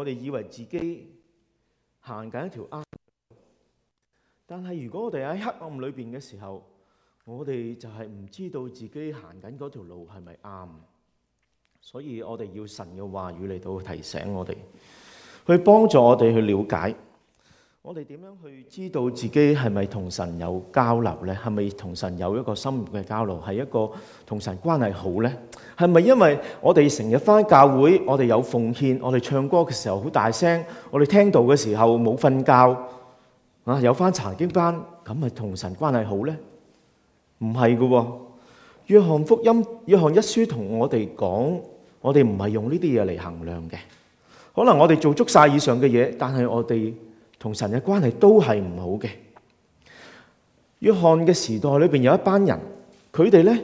我哋以為自己行緊一條啱，但係如果我哋喺黑暗裏邊嘅時候，我哋就係唔知道自己行緊嗰條路係咪啱，所以我哋要神嘅話語嚟到提醒我哋，去幫助我哋去了解。我哋點樣去知道自己係咪同神有交流呢？係咪同神有一個深入嘅交流？係一個同神關係好呢？係咪因為我哋成日翻教會，我哋有奉獻，我哋唱歌嘅時候好大聲，我哋聽道嘅時候冇瞓覺啊，有翻查經班，咁咪同神關係好呢？唔係噶，約翰福音、約翰一書同我哋講，我哋唔係用呢啲嘢嚟衡量嘅。可能我哋做足晒以上嘅嘢，但係我哋。同神嘅關係都係唔好嘅。約翰嘅時代裏邊有一班人，佢哋呢，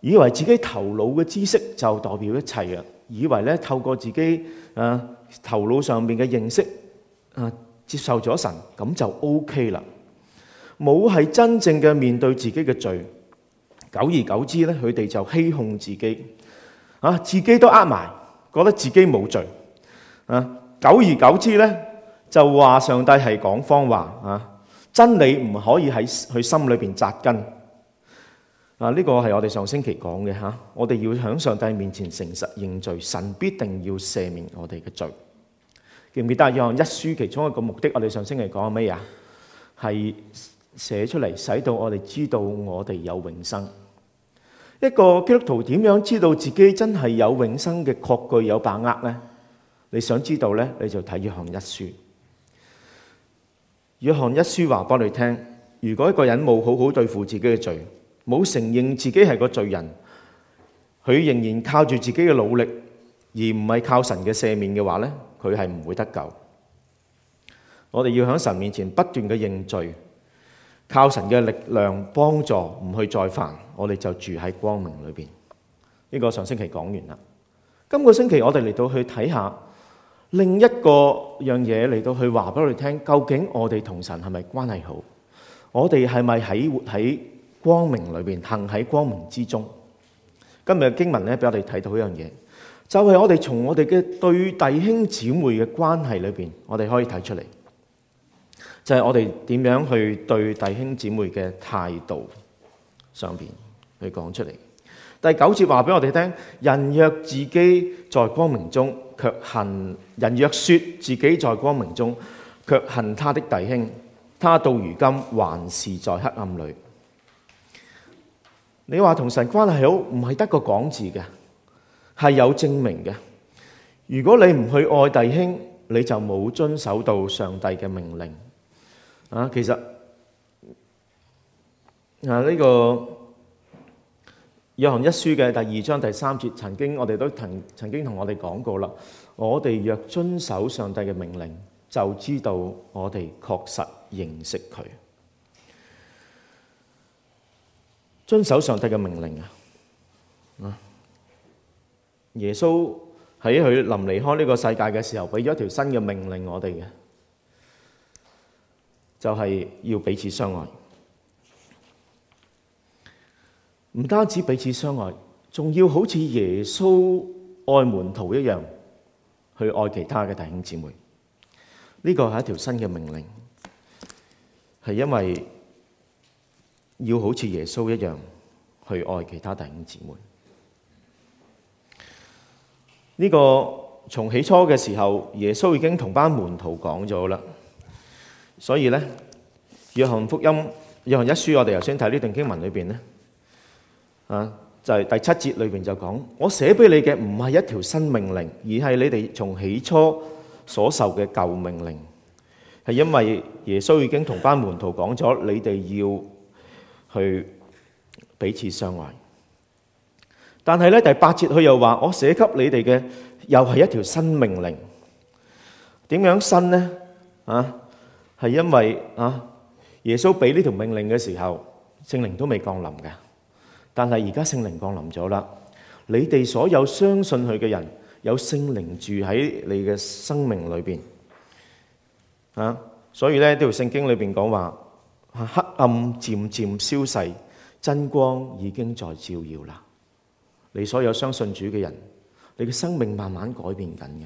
以為自己頭腦嘅知識就代表一切啊，以為呢，透過自己啊頭腦上面嘅認識啊，接受咗神，咁就 OK 啦。冇係真正嘅面對自己嘅罪，久而久之呢，佢哋就欺哄自己啊，自己都呃埋，覺得自己冇罪啊，久而久之呢。就話上帝係講謊話啊！真理唔可以喺佢心裏邊紮根啊！呢個係我哋上星期講嘅嚇。我哋要喺上帝面前誠實認罪，神必定要赦免我哋嘅罪。記唔記得？約翰一書其中一個目的，我哋上星期講咩嘢？係寫出嚟，使到我哋知道我哋有永生。一個基督徒點樣知道自己真係有永生嘅確據有把握呢？你想知道呢，你就睇約翰一書。約翰一書話幫你聽，如果一個人冇好好對付自己嘅罪，冇承認自己係個罪人，佢仍然靠住自己嘅努力，而唔係靠神嘅赦免嘅話咧，佢係唔會得救。我哋要喺神面前不斷嘅認罪，靠神嘅力量幫助，唔去再犯，我哋就住喺光明裏邊。呢、這個上星期講完啦，今個星期我哋嚟到去睇下。另一個樣嘢嚟到去話俾我哋聽，究竟我哋同神係咪關係好？我哋係咪喺活喺光明裏邊行喺光明之中？今日嘅經文咧，俾我哋睇到一樣嘢，就係我哋從我哋嘅對弟兄姊妹嘅關係裏邊，我哋可以睇出嚟，就係我哋點樣去對弟兄姊妹嘅態度上邊去講出嚟。第九節話俾我哋聽，人若自己在光明中。卻恨，人若說自己在光明中，卻恨他的弟兄，他到如今還是在黑暗裏。你話同神關係好，唔係得個講字嘅，係有證明嘅。如果你唔去愛弟兄，你就冇遵守到上帝嘅命令。啊，其實啊呢個。約翰一書嘅第二章第三節，曾經我哋都曾曾經同我哋講過啦。我哋若遵守上帝嘅命令，就知道我哋確實認識佢。遵守上帝嘅命令啊！啊！耶穌喺佢臨離開呢個世界嘅時候，俾咗一條新嘅命令我哋嘅，就係要彼此相愛。唔單止彼此相愛，仲要好似耶穌愛門徒一樣去愛其他嘅弟兄姊妹。呢個係一條新嘅命令，係因為要好似耶穌一樣去愛其他弟兄姊妹。呢個從起初嘅時候，耶穌已經同班門徒講咗啦。所以咧，約翰福音約翰一書，我哋頭先睇呢段經文裏邊咧。啊！就係第七節裏邊就講，我寫俾你嘅唔係一條新命令，而係你哋從起初所受嘅舊命令。係因為耶穌已經同班門徒講咗，你哋要去彼此相愛。但係咧，第八節佢又話，我寫給你哋嘅又係一條新命令。點樣新呢？啊，係因為啊，耶穌俾呢條命令嘅時候，聖靈都未降臨嘅。但係而家聖靈降臨咗啦，你哋所有相信佢嘅人，有聖靈住喺你嘅生命裏邊啊！所以咧，呢條聖經裏邊講話，黑暗漸漸消逝，真光已經在照耀啦。你所有相信主嘅人，你嘅生命慢慢改變緊嘅，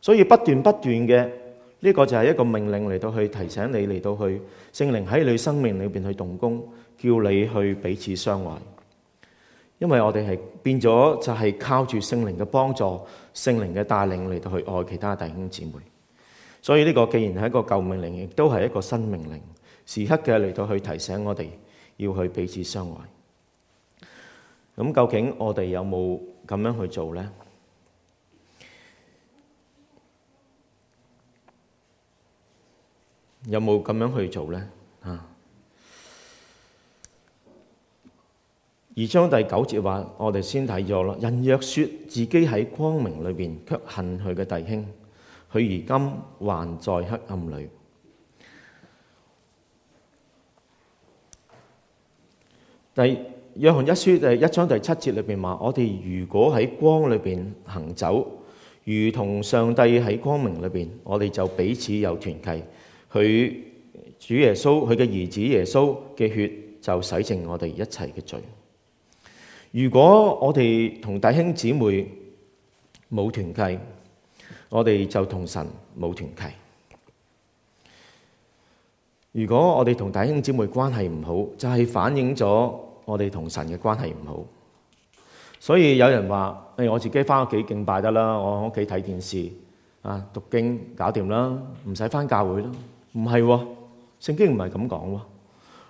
所以不斷不斷嘅呢個就係一個命令嚟到去提醒你嚟到去聖靈喺你生命裏邊去動工，叫你去彼此相愛。因為我哋係變咗，就係靠住聖靈嘅幫助，聖靈嘅帶領嚟到去愛其他弟兄姊妹。所以呢個既然係一個舊命令，亦都係一個新命令，時刻嘅嚟到去提醒我哋要去彼此相愛。咁究竟我哋有冇咁樣去做呢？有冇咁樣去做呢？啊！而章第九節話，我哋先睇咗啦。人若説自己喺光明裏邊，卻恨佢嘅弟兄，佢如今還在黑暗裏。第約翰一書第一章第七節裏邊話：我哋如果喺光裏邊行走，如同上帝喺光明裏邊，我哋就彼此有團契。佢主耶穌，佢嘅兒子耶穌嘅血就洗淨我哋一切嘅罪。如果我哋同弟兄姊妹冇團契，我哋就同神冇團契。如果我哋同弟兄姊妹關係唔好，就係反映咗我哋同神嘅關係唔好。所以有人話：誒，我自己翻屋企敬拜得啦，我屋企睇電視啊，讀經搞掂啦，唔使翻教會啦。唔係喎，聖經唔係咁講喎。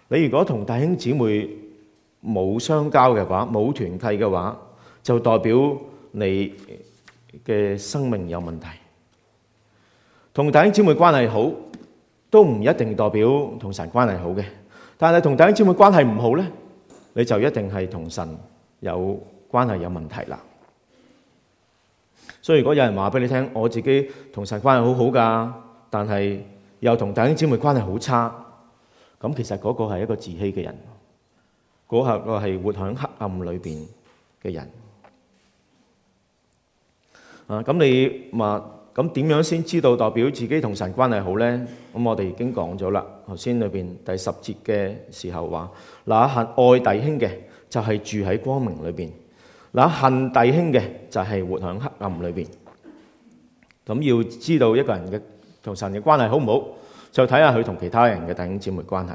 你如果同弟兄姊妹，冇相交嘅話，冇團契嘅話，就代表你嘅生命有問題。同弟兄姊妹關係好，都唔一定代表同神關係好嘅。但係同弟兄姊妹關係唔好咧，你就一定係同神有關係有問題啦。所以如果有人話俾你聽，我自己同神關係好好㗎，但係又同弟兄姊妹關係好差，咁其實嗰個係一個自欺嘅人。嗰下個係活喺黑暗裏邊嘅人啊！咁你問咁點樣先知道代表自己同神關係好呢？咁我哋已經講咗啦。頭先裏邊第十節嘅時候話：嗱，恨愛弟兄嘅就係住喺光明裏邊；嗱，恨弟兄嘅就係活喺黑暗裏邊。咁要知道一個人嘅同神嘅關係好唔好，就睇下佢同其他人嘅弟兄姊妹關係。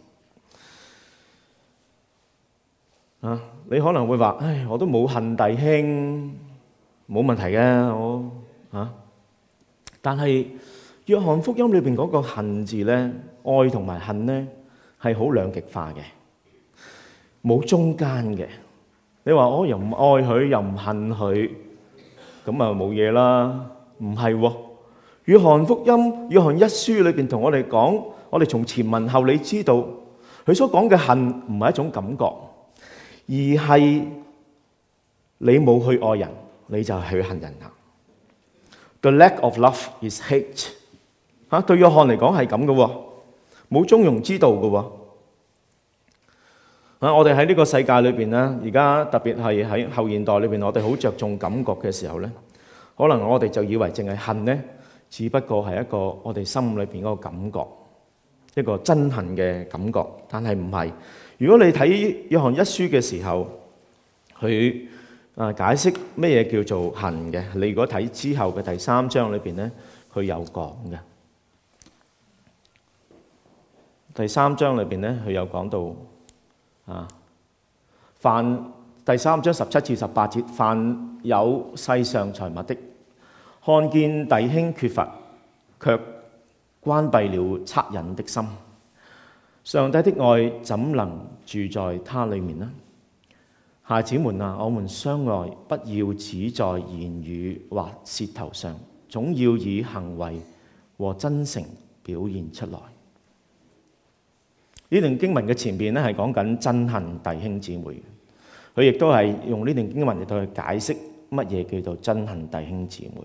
啊！你可能會話，唉，我都冇恨弟兄，冇問題嘅我啊。但係《約翰福音》裏邊嗰個恨字咧，愛同埋恨咧係好兩極化嘅，冇中間嘅。你話我又唔愛佢，又唔恨佢，咁啊冇嘢啦。唔係喎，《約翰福音》、《約翰一書》裏邊同我哋講，我哋從前文後理知道，佢所講嘅恨唔係一種感覺。而係你冇去愛人，你就去恨人啊！The lack of love is hate。嚇、啊，對約翰嚟講係咁嘅喎，冇中庸之道嘅喎、啊啊。我哋喺呢個世界裏邊咧，而家特別係喺後現代裏邊，我哋好着重感覺嘅時候咧，可能我哋就以為淨係恨咧，只不過係一個我哋心裏邊個感覺，一個憎恨嘅感覺，但係唔係。如果你睇《約翰一書》嘅時候，佢啊解釋咩嘢叫做恨嘅，你如果睇之後嘅第三章裏邊咧，佢有講嘅。第三章裏邊咧，佢有講到啊，凡第三章十七至十八節，凡有世上財物的，看見弟兄缺乏，卻關閉了惻隱的心，上帝的愛怎能？住在他裏面啦，孩子們啊，我們相愛，不要只在言語或舌頭上，總要以行為和真誠表現出來。呢段經文嘅前邊咧係講緊憎恨弟兄姊妹，佢亦都係用呢段經文嚟同佢解釋乜嘢叫做憎恨弟兄姊妹。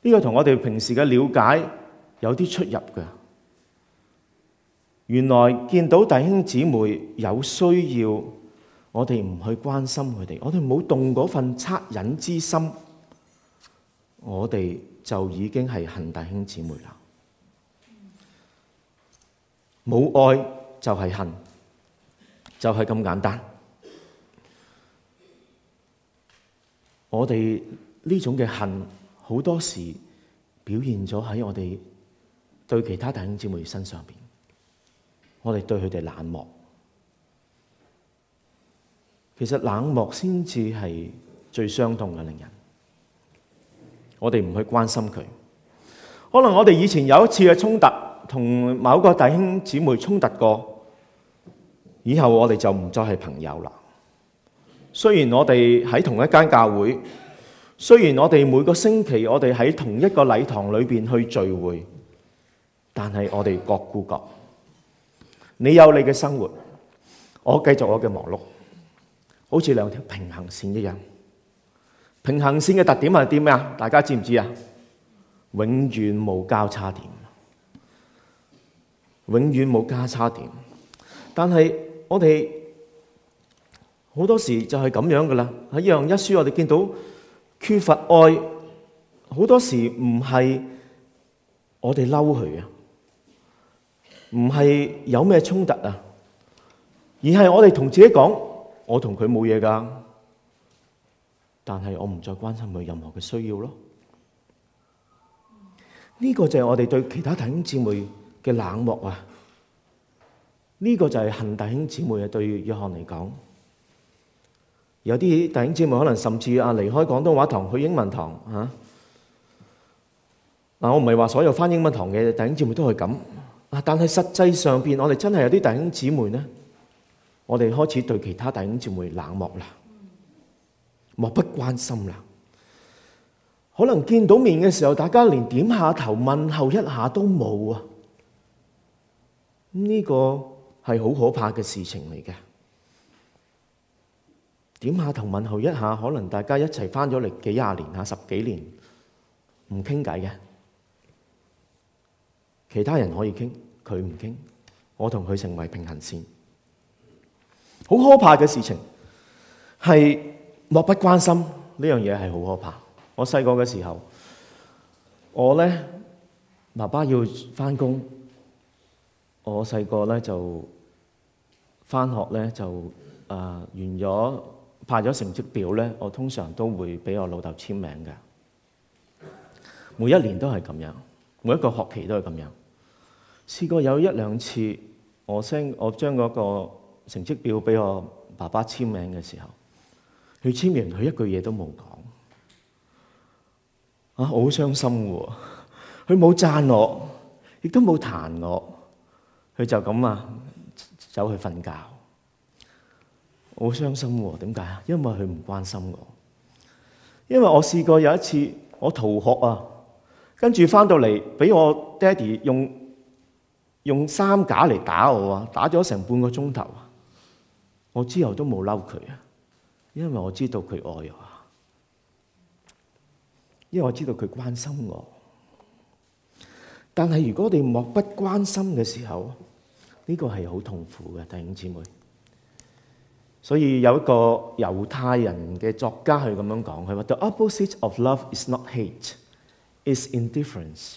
呢、這個同我哋平時嘅了解有啲出入嘅。原來見到弟兄姊妹有需要，我哋唔去關心佢哋，我哋冇動嗰份惻隱之心，我哋就已經係恨弟兄姊妹啦。冇愛就係恨，就係咁簡單。我哋呢種嘅恨好多時表現咗喺我哋對其他弟兄姊妹身上邊。我哋對佢哋冷漠，其實冷漠先至係最傷痛嘅令人。我哋唔去關心佢，可能我哋以前有一次嘅衝突，同某個弟兄姊妹衝突過，以後我哋就唔再係朋友啦。雖然我哋喺同一間教會，雖然我哋每個星期我哋喺同一個禮堂裏面去聚會，但係我哋各顧各。你有你嘅生活，我繼續我嘅忙碌，好似兩條平行綫一樣。平行綫嘅特點係啲咩？大家知唔知啊？永遠冇交叉點，永遠冇交叉點。但係我哋好多時就係咁樣噶啦。喺《約翰一書》，我哋見到缺乏愛，好多時唔係我哋嬲佢啊。唔係有咩衝突啊？而係我哋同自己講：我同佢冇嘢㗎，但係我唔再關心佢任何嘅需要咯。呢、這個就係我哋對其他弟兄姊妹嘅冷漠啊！呢、這個就係恨弟兄姊妹啊！對約翰嚟講，有啲弟兄姊妹可能甚至啊離開廣東話堂去英文堂吓。嗱、啊，我唔係話所有返英文堂嘅弟兄姊妹都係咁。但係實際上邊，我哋真係有啲弟兄姊妹咧，我哋開始對其他弟兄姊妹冷漠啦，漠不關心啦。可能見到面嘅時候，大家連點下頭問候一下都冇啊！呢個係好可怕嘅事情嚟嘅。點下頭問候一下，可能大家一齊返咗嚟幾廿年啊，十幾年唔傾偈嘅。其他人可以傾，佢唔傾，我同佢成為平行線。好可怕嘅事情係漠不關心，呢樣嘢係好可怕。我細個嘅時候，我咧爸爸要返工，我細個咧就返學咧就啊完咗派咗成績表咧，我通常都會俾我老豆簽名嘅。每一年都係咁樣，每一個學期都係咁樣。試過有一兩次，我聲我將嗰個成績表俾我爸爸簽名嘅時候，佢簽完，佢一句嘢都冇講啊！我好傷心喎，佢冇讚我，亦都冇彈我，佢就咁啊，走去瞓覺。好傷心喎，點解啊？因為佢唔關心我，因為我試過有一次我逃學啊，跟住翻到嚟俾我爹哋用。用三架嚟打我啊！打咗成半個鐘頭，我之後都冇嬲佢啊，因為我知道佢愛我，因為我知道佢關心我。但係如果我哋漠不關心嘅時候，呢個係好痛苦嘅，弟兄姊妹。所以有一個猶太人嘅作家係咁樣講，佢話 The opposite of love is not hate, is indifference。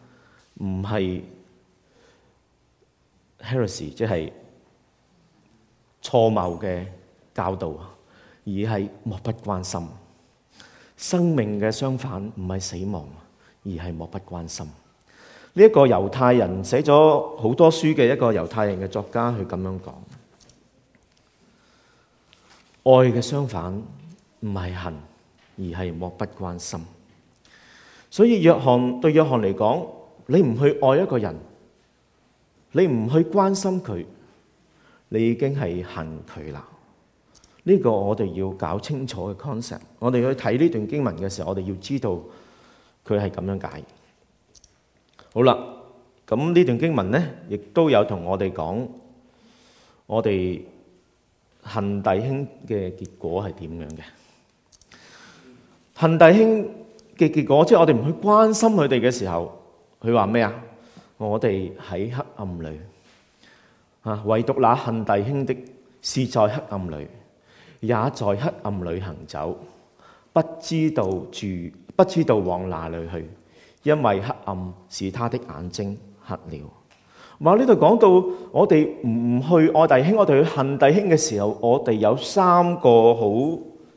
唔係 heresy，即係錯謬嘅教導，而係漠不關心。生命嘅相反唔係死亡，而係漠不關心。呢、這個、一個猶太人寫咗好多書嘅一個猶太人嘅作家，佢咁樣講：愛嘅相反唔係恨，而係漠不關心。所以約翰對約翰嚟講。你唔去愛一個人，你唔去關心佢，你已經係恨佢啦。呢個我哋要搞清楚嘅 concept。我哋去睇呢段經文嘅時候，我哋要知道佢係咁樣解。好啦，咁呢段經文呢，亦都有同我哋講，我哋恨弟兄嘅結果係點樣嘅？恨弟兄嘅結果，即係我哋唔去關心佢哋嘅時候。佢話咩啊？我哋喺黑暗裏啊，唯獨那恨弟兄的，是在黑暗裏，也在黑暗裏行走，不知道住，不知道往哪裏去，因為黑暗使他的眼睛瞎了。話呢度講到我哋唔去愛弟兄，我哋去恨弟兄嘅時候，我哋有三個好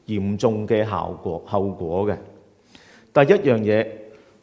嚴重嘅效果後果嘅。第一樣嘢。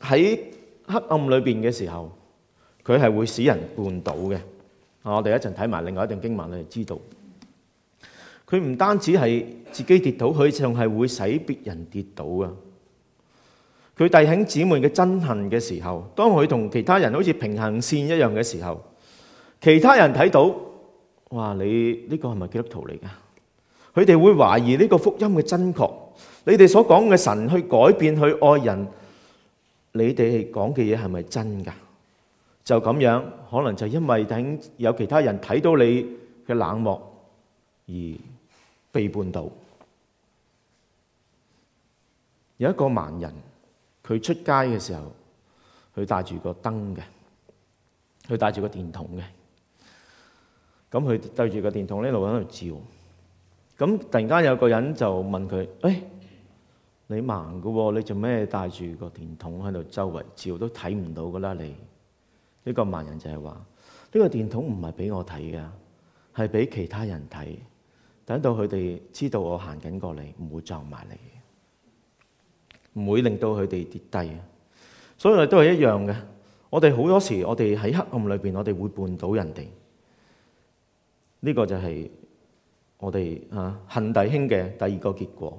喺黑暗裏邊嘅時候，佢係會使人絆倒嘅。我哋一陣睇埋另外一段經文，你就知道，佢唔單止係自己跌倒，佢仲係會使別人跌倒啊！佢弟兄姊妹嘅憎恨嘅時候，當佢同其他人好似平行線一樣嘅時候，其他人睇到，哇！你呢個係咪基督徒嚟噶？佢哋會懷疑呢個福音嘅真確，你哋所講嘅神去改變去愛人。你哋講嘅嘢係咪真㗎？就咁樣，可能就因為等有其他人睇到你嘅冷漠而被絆倒。有一個盲人，佢出街嘅時候，佢帶住個燈嘅，佢帶住個電筒嘅。咁佢對住個電筒呢度喺度照。咁突然間有個人就問佢：誒？你盲噶喎，你做咩帶住個電筒喺度周圍照都睇唔到噶啦？你呢個盲人就係話呢個電筒唔係俾我睇噶，係俾其他人睇，等到佢哋知道我行緊過嚟，唔會撞埋你，唔會令到佢哋跌低。所以都係一樣嘅。我哋好多時，我哋喺黑暗裏邊，我哋會絆到人哋。呢個就係我哋啊恨弟兄嘅第二個結果。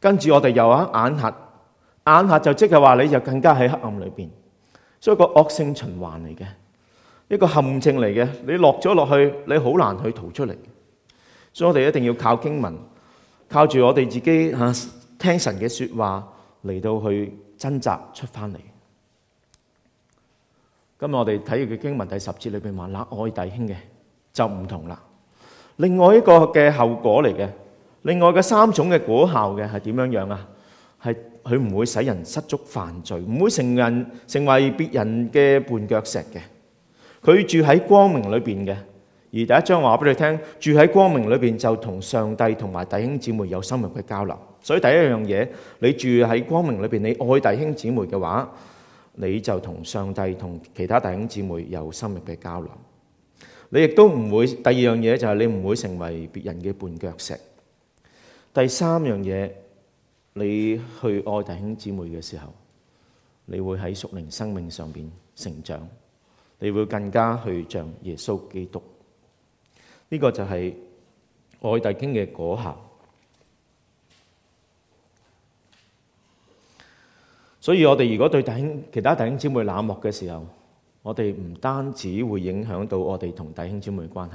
跟住我哋又喺眼下，眼下就即係話你就更加喺黑暗裏邊，所以個惡性循環嚟嘅，一個陷阱嚟嘅，你落咗落去，你好難去逃出嚟。所以我哋一定要靠經文，靠住我哋自己吓、啊、聽神嘅說話嚟到去掙扎出翻嚟。今日我哋睇完嘅經文第十節裏邊話，那愛弟兄嘅就唔同啦，另外一個嘅後果嚟嘅。另外嘅三種嘅果效嘅係點樣樣啊？係佢唔會使人失足犯罪，唔會成人成為別人嘅絆腳石嘅。佢住喺光明裏邊嘅。而第一章話俾你聽，住喺光明裏邊就同上帝同埋弟兄姊妹有深入嘅交流。所以第一樣嘢，你住喺光明裏邊，你愛弟兄姊妹嘅話，你就同上帝同其他弟兄姊妹有深入嘅交流。你亦都唔會，第二樣嘢就係你唔會成為別人嘅絆腳石。第三樣嘢，你去愛弟兄姊妹嘅時候，你會喺屬靈生命上邊成長，你會更加去像耶穌基督。呢、這個就係愛弟兄嘅果效。所以我哋如果對弟兄其他弟兄姊妹冷漠嘅時候，我哋唔單止會影響到我哋同弟兄姊妹嘅關係，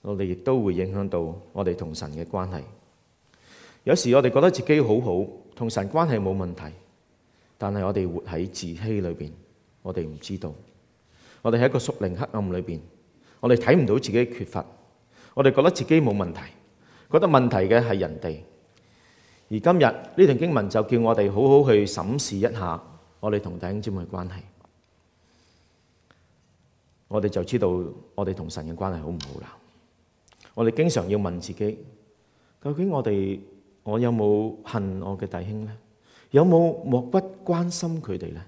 我哋亦都會影響到我哋同神嘅關係。有時我哋覺得自己好好，同神關係冇問題，但係我哋活喺自欺裏邊，我哋唔知道，我哋喺一個屬靈黑暗裏邊，我哋睇唔到自己缺乏，我哋覺得自己冇問題，覺得問題嘅係人哋。而今日呢段經文就叫我哋好好去審視一下我哋同弟兄姊妹嘅關係，我哋就知道我哋同神嘅關係好唔好啦。我哋經常要問自己，究竟我哋？我有冇恨我嘅弟兄呢？有冇漠不關心佢哋呢？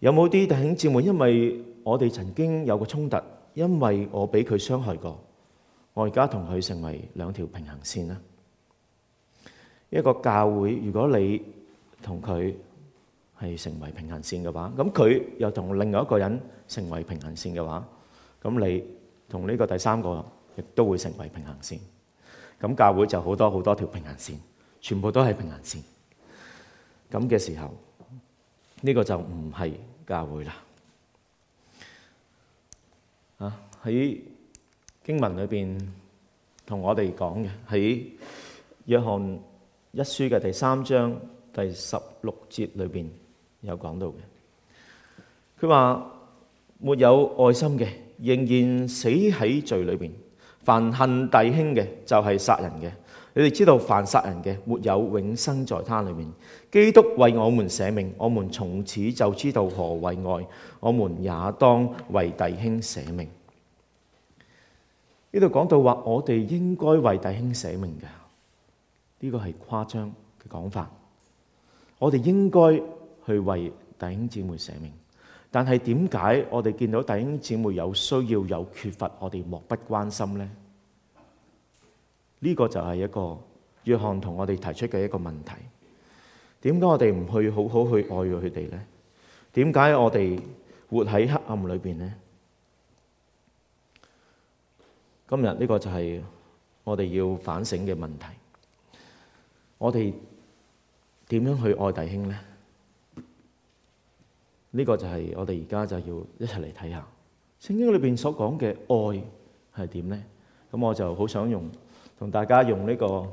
有冇啲弟兄姊妹，因為我哋曾經有個衝突，因為我俾佢傷害過，我而家同佢成為兩條平行線呢。一個教會，如果你同佢係成為平行線嘅話，咁佢又同另外一個人成為平行線嘅話，咁你同呢個第三個亦都會成為平行線。咁教會就好多好多條平行線，全部都係平行線。咁嘅時候，呢個就唔係教會啦。啊，喺經文裏邊同我哋講嘅喺約翰一書嘅第三章第十六節裏邊有講到嘅。佢話沒有愛心嘅，仍然死喺罪裏邊。凡恨弟兄嘅就係、是、殺人嘅，你哋知道凡殺人嘅沒有永生在他裏面。基督為我們捨命，我們從此就知道何為愛，我們也當為弟兄捨命。呢度講到話，我哋應該為弟兄捨命嘅，呢、這個係誇張嘅講法。我哋應該去為弟兄姊妹捨命。但係點解我哋見到弟兄姊妹有需要有缺乏，我哋漠不關心呢？呢個就係一個約翰同我哋提出嘅一個問題：點解我哋唔去好好去愛佢哋呢？點解我哋活喺黑暗裏邊呢？今日呢個就係我哋要反省嘅問題：我哋點樣去愛弟兄呢？呢個就係我哋而家就要一齊嚟睇下聖經裏邊所講嘅愛係點咧？咁我就好想用同大家用呢、這個《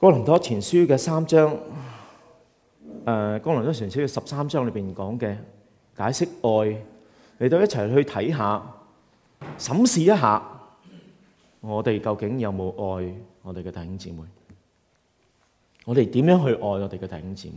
哥林多前書》嘅三章，誒、呃《哥林多前書》嘅十三章裏邊講嘅解釋愛嚟到一齊去睇下、審視一下，我哋究竟有冇愛我哋嘅弟兄姊妹？我哋點樣去愛我哋嘅弟兄姊妹？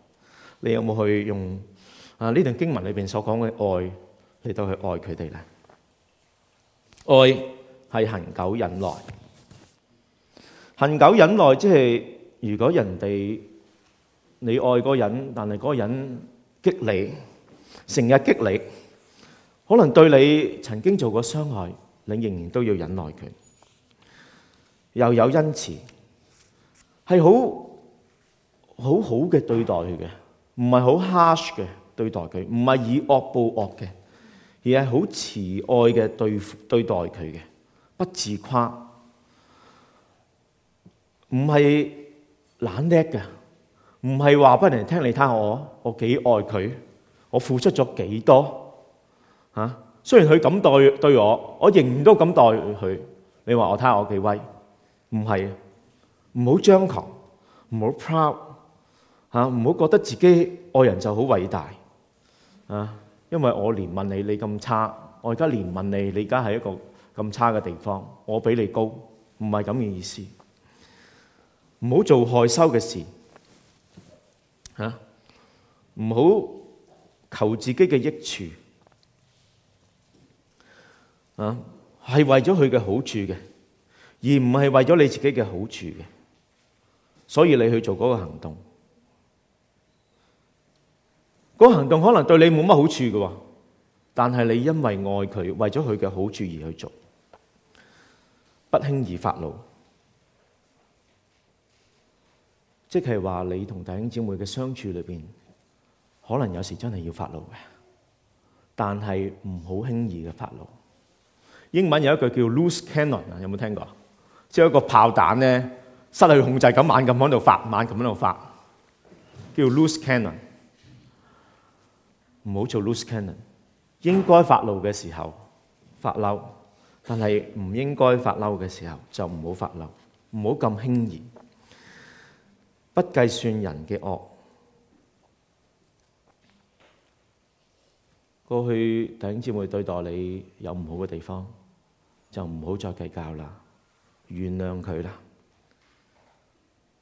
你有冇去用啊？呢段經文裏邊所講嘅愛嚟到去愛佢哋咧？愛係恒久忍耐，恒久忍耐即係如果人哋你愛嗰個人，但係嗰個人激你，成日激你，可能對你曾經做過傷害，你仍然都要忍耐佢，又有恩慈，係好好好嘅對待佢嘅。唔係好 harsh 嘅對待佢，唔係以惡報惡嘅，而係好慈愛嘅對對待佢嘅，不自誇，唔係懶叻嘅，唔係話俾人聽你睇下我，我幾愛佢，我付出咗幾多嚇、啊？雖然佢咁對對我，我仍然都咁對佢。你話我睇下我幾威？唔係，唔好張狂，唔好 proud。吓，唔好覺得自己愛人就好偉大，啊！因為我連問你你咁差，我而家連問你你而家係一個咁差嘅地方，我比你高，唔係咁嘅意思。唔好做害羞嘅事，吓！唔好求自己嘅益處，啊，係為咗佢嘅好處嘅，而唔係為咗你自己嘅好處嘅，所以你去做嗰個行動。嗰行動可能對你冇乜好處嘅，但係你因為愛佢，為咗佢嘅好處而去做，不輕易發怒。即係話你同弟兄姊妹嘅相處裏邊，可能有時真係要發怒嘅，但係唔好輕易嘅發怒。英文有一句叫 loose cannon 啊，有冇聽過？即係一個炮彈咧，失去控制咁猛咁喺度發，猛咁喺度發，叫 loose cannon。唔好做 loose cannon，應該發怒嘅時候發嬲，但係唔應該發嬲嘅時候就唔好發嬲，唔好咁輕易。不計算人嘅惡，過去弟兄姊妹對待你有唔好嘅地方，就唔好再計較啦，原諒佢啦。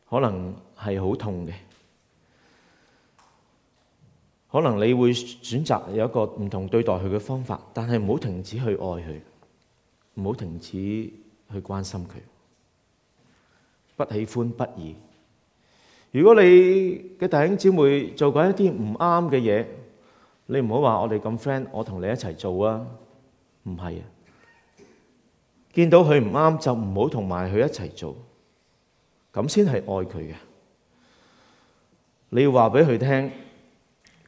可能係好痛嘅。可能你會選擇有一個唔同對待佢嘅方法，但係唔好停止去愛佢，唔好停止去關心佢。不喜歡不義。如果你嘅弟兄姊妹做緊一啲唔啱嘅嘢，你唔好話我哋咁 friend，我同你一齊做啊，唔係啊。見到佢唔啱就唔好同埋佢一齊做，咁先係愛佢嘅。你要話俾佢聽。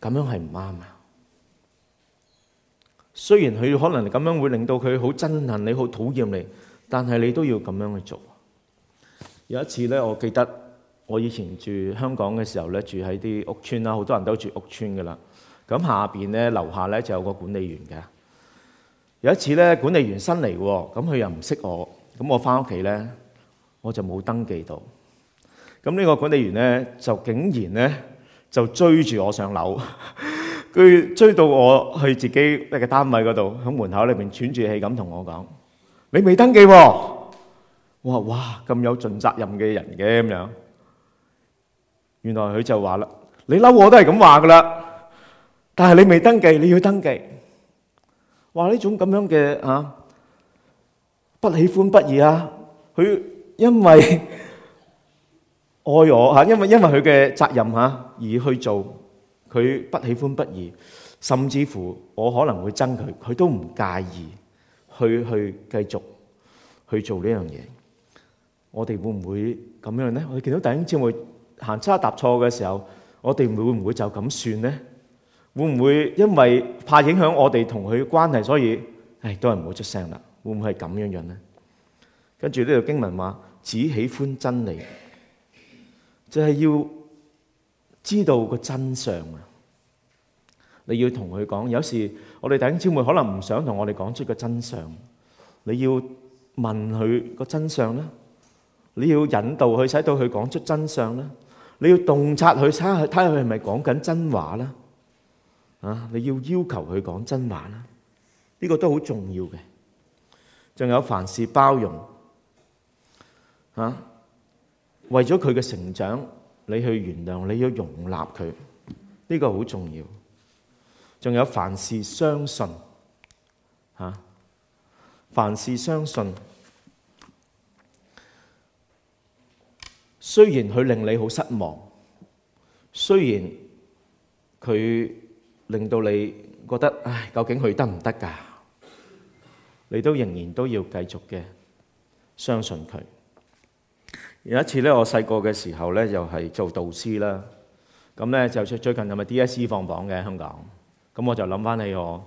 咁樣係唔啱啊！雖然佢可能咁樣會令到佢好憎恨你，好討厭你，但係你都要咁樣去做。有一次呢，我記得我以前住香港嘅時候呢，住喺啲屋邨啦，好多人都住屋邨噶啦。咁下邊呢，樓下呢就有個管理員嘅。有一次呢，管理員新嚟，咁佢又唔識我，咁我翻屋企呢，我就冇登記到。咁呢個管理員呢，就竟然呢。就追住我上樓，佢追到我去自己一個單位嗰度，喺門口裏邊喘住氣咁同我講：你未登記喎！我話：哇，咁有盡責任嘅人嘅咁樣。原來佢就話啦：你嬲我都係咁話噶啦，但係你未登記，你要登記。話呢種咁樣嘅啊，不喜歡不已啊！佢因為。愛我吓，因為因為佢嘅責任吓而去做，佢不喜歡不義，甚至乎我可能會憎佢，佢都唔介意去去繼續去做呢樣嘢。我哋會唔會咁樣咧？我哋見到第一次我行差踏錯嘅時候，我哋會會唔會就咁算咧？會唔會因為怕影響我哋同佢關係，所以唉，都係唔好出聲啦？會唔會係咁樣樣咧？跟住呢條經文話，只喜歡真理。就係要知道個真相啊！你要同佢講，有時我哋弟兄姊妹可能唔想同我哋講出個真相，你要問佢個真相啦，你要引導佢，使到佢講出真相啦，你要洞察佢，睇下睇下佢係咪講緊真話啦，啊！你要要求佢講真話啦，呢個都好重要嘅。仲有凡事包容，啊！為咗佢嘅成長，你去原諒，你要容納佢，呢個好重要。仲有凡事相信，吓、啊，凡事相信，雖然佢令你好失望，雖然佢令到你覺得唉，究竟佢得唔得噶？你都仍然都要繼續嘅相信佢。有一次咧，我細個嘅時候咧，又係做導師啦。咁咧就最近係咪 DSE 放榜嘅香港？咁我就諗翻起我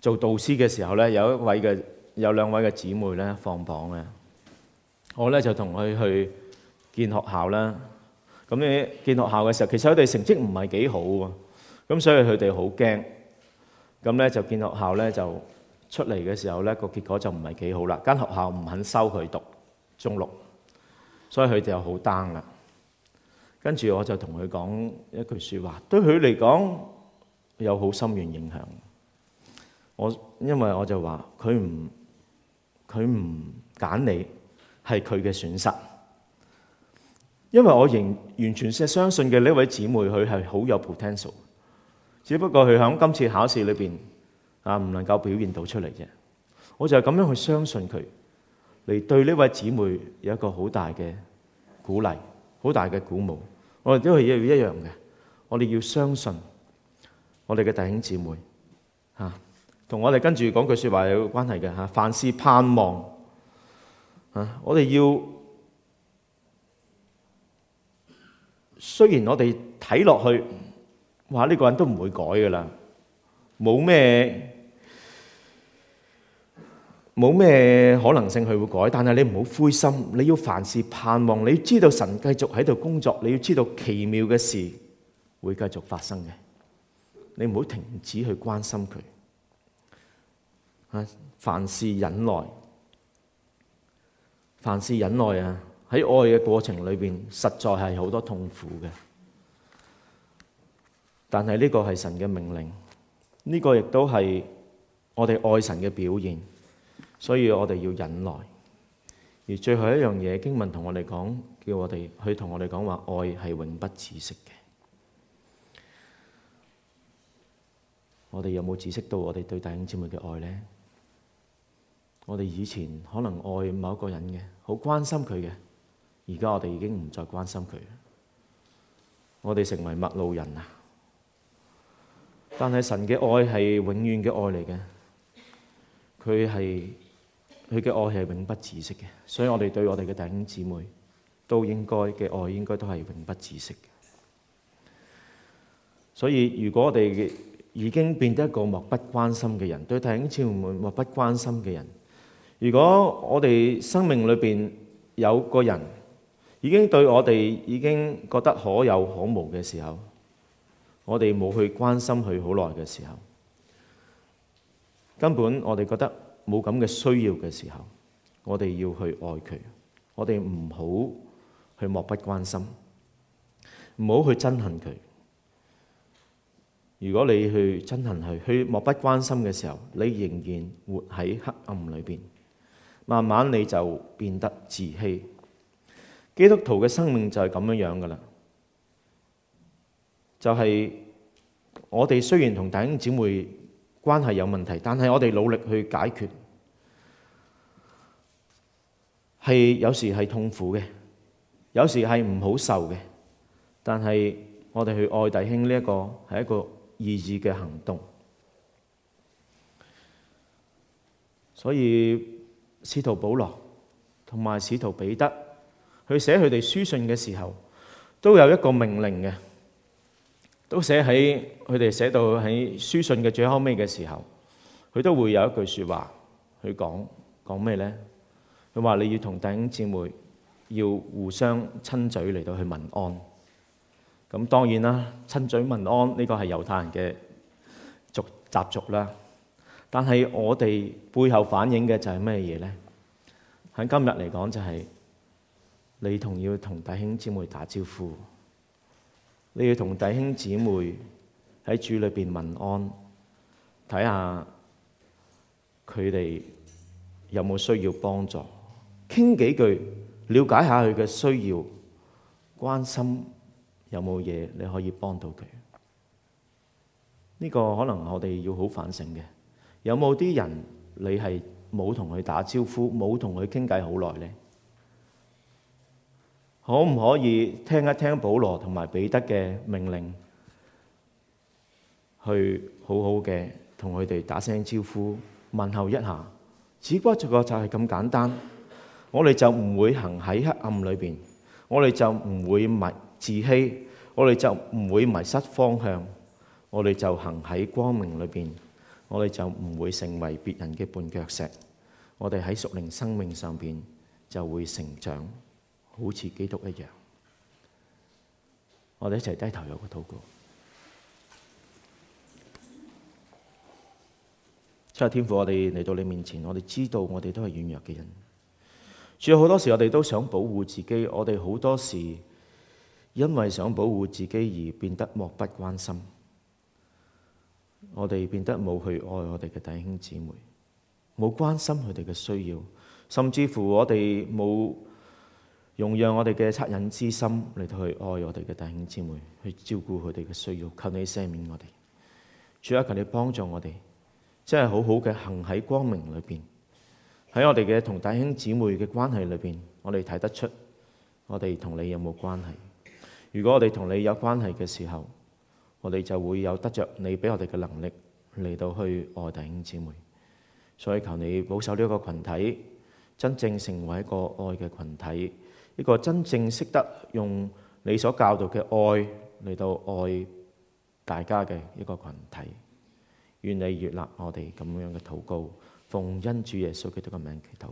做導師嘅時候咧，有一位嘅有兩位嘅姊妹咧放榜嘅。我咧就同佢去見學校啦。咁你見學校嘅時候，其實佢哋成績唔係幾好喎。咁所以佢哋好驚。咁咧就見學校咧就出嚟嘅時候咧，個結果就唔係幾好啦。間學校唔肯收佢讀中六，所以佢就好 down 啦，跟住我就同佢講一句説話，對佢嚟講有好深遠影響。我因為我就話佢唔佢唔揀你係佢嘅損失，因為我仍完全係相信嘅呢位姊妹佢係好有 potential，只不過佢響今次考試裏邊啊唔能夠表現到出嚟啫。我就係咁樣去相信佢。嚟對呢位姊妹有一個好大嘅鼓勵，好大嘅鼓舞。我哋都係要一樣嘅，我哋要相信我哋嘅弟兄姊妹嚇，同、啊、我哋跟住講句説話有關係嘅嚇。凡事盼望嚇、啊，我哋要雖然我哋睇落去，哇！呢、這個人都唔會改噶啦，冇咩。冇咩可能性佢會改，但係你唔好灰心。你要凡事盼望，你要知道神繼續喺度工作，你要知道奇妙嘅事會繼續發生嘅。你唔好停止去關心佢啊！凡事忍耐，凡事忍耐啊！喺愛嘅過程裏邊，實在係好多痛苦嘅，但係呢個係神嘅命令，呢個亦都係我哋愛神嘅表現。所以我哋要忍耐，而最後一樣嘢經文同我哋講，叫我哋去同我哋講話，愛係永不止息嘅。我哋有冇止息到我哋對弟兄姊妹嘅愛呢？我哋以前可能愛某一個人嘅，好關心佢嘅，而家我哋已經唔再關心佢。我哋成為陌路人啊！但係神嘅愛係永遠嘅愛嚟嘅，佢係。佢嘅愛係永不止息嘅，所以我哋對我哋嘅弟兄姊妹都應該嘅愛，應該都係永不止息嘅。所以如果我哋已經變得一個漠不關心嘅人，對弟兄姊妹漠不關心嘅人，如果我哋生命裏邊有個人已經對我哋已經覺得可有可無嘅時候，我哋冇去關心佢好耐嘅時候，根本我哋覺得。冇咁嘅需要嘅時候，我哋要去愛佢，我哋唔好去漠不關心，唔好去憎恨佢。如果你去憎恨佢，去漠不關心嘅時候，你仍然活喺黑暗裏邊，慢慢你就變得自欺。基督徒嘅生命就係咁樣樣噶啦，就係我哋雖然同弟兄姊妹。關係有問題，但係我哋努力去解決，係有時係痛苦嘅，有時係唔好受嘅。但係我哋去愛弟兄呢一個係一個意志嘅行動。所以使徒保羅同埋使徒彼得去寫佢哋書信嘅時候，都有一個命令嘅。都寫喺佢哋寫到喺書信嘅最後尾嘅時候，佢都會有一句說話去講，講咩咧？佢話你要同弟兄姊妹要互相親嘴嚟到去問安。咁當然啦，親嘴問安呢個係猶太人嘅習俗啦。但係我哋背後反映嘅就係咩嘢咧？喺今日嚟講就係你同要同弟兄姊妹打招呼。你要同弟兄姊妹喺主裏邊問安，睇下佢哋有冇需要幫助，傾幾句，了解下佢嘅需要，關心有冇嘢你可以幫到佢。呢個可能我哋要好反省嘅，有冇啲人你係冇同佢打招呼，冇同佢傾偈好耐咧？可唔可以聽一聽保羅同埋彼得嘅命令，去好好嘅同佢哋打聲招呼、問候一下？只不過就係咁簡單，我哋就唔會行喺黑暗裏邊，我哋就唔會迷自欺，我哋就唔會迷失方向，我哋就行喺光明裏邊，我哋就唔會成為別人嘅絆腳石，我哋喺屬靈生命上邊就會成長。好似基督一樣，我哋一齊低頭有個禱告。真係天父，我哋嚟到你面前，我哋知道我哋都係軟弱嘅人。仲有好多時我哋都想保護自己，我哋好多時因為想保護自己而變得漠不關心。我哋變得冇去愛我哋嘅弟兄姊妹，冇關心佢哋嘅需要，甚至乎我哋冇。用讓我哋嘅惻隱之心嚟到去愛我哋嘅弟兄姊妹，去照顧佢哋嘅需要。靠你，要求你赦免我哋，主啊！求你幫助我哋，真係好好嘅行喺光明裏邊。喺我哋嘅同弟兄姊妹嘅關係裏邊，我哋睇得出我哋同你有冇關係。如果我哋同你有關係嘅時候，我哋就會有得着你俾我哋嘅能力嚟到去愛弟兄姊妹。所以求你保守呢一個群體，真正成為一個愛嘅群體。一個真正識得用你所教導嘅愛嚟到愛大家嘅一個群體，願你悅納我哋咁樣嘅禱告，奉恩主耶穌基督嘅名祈禱。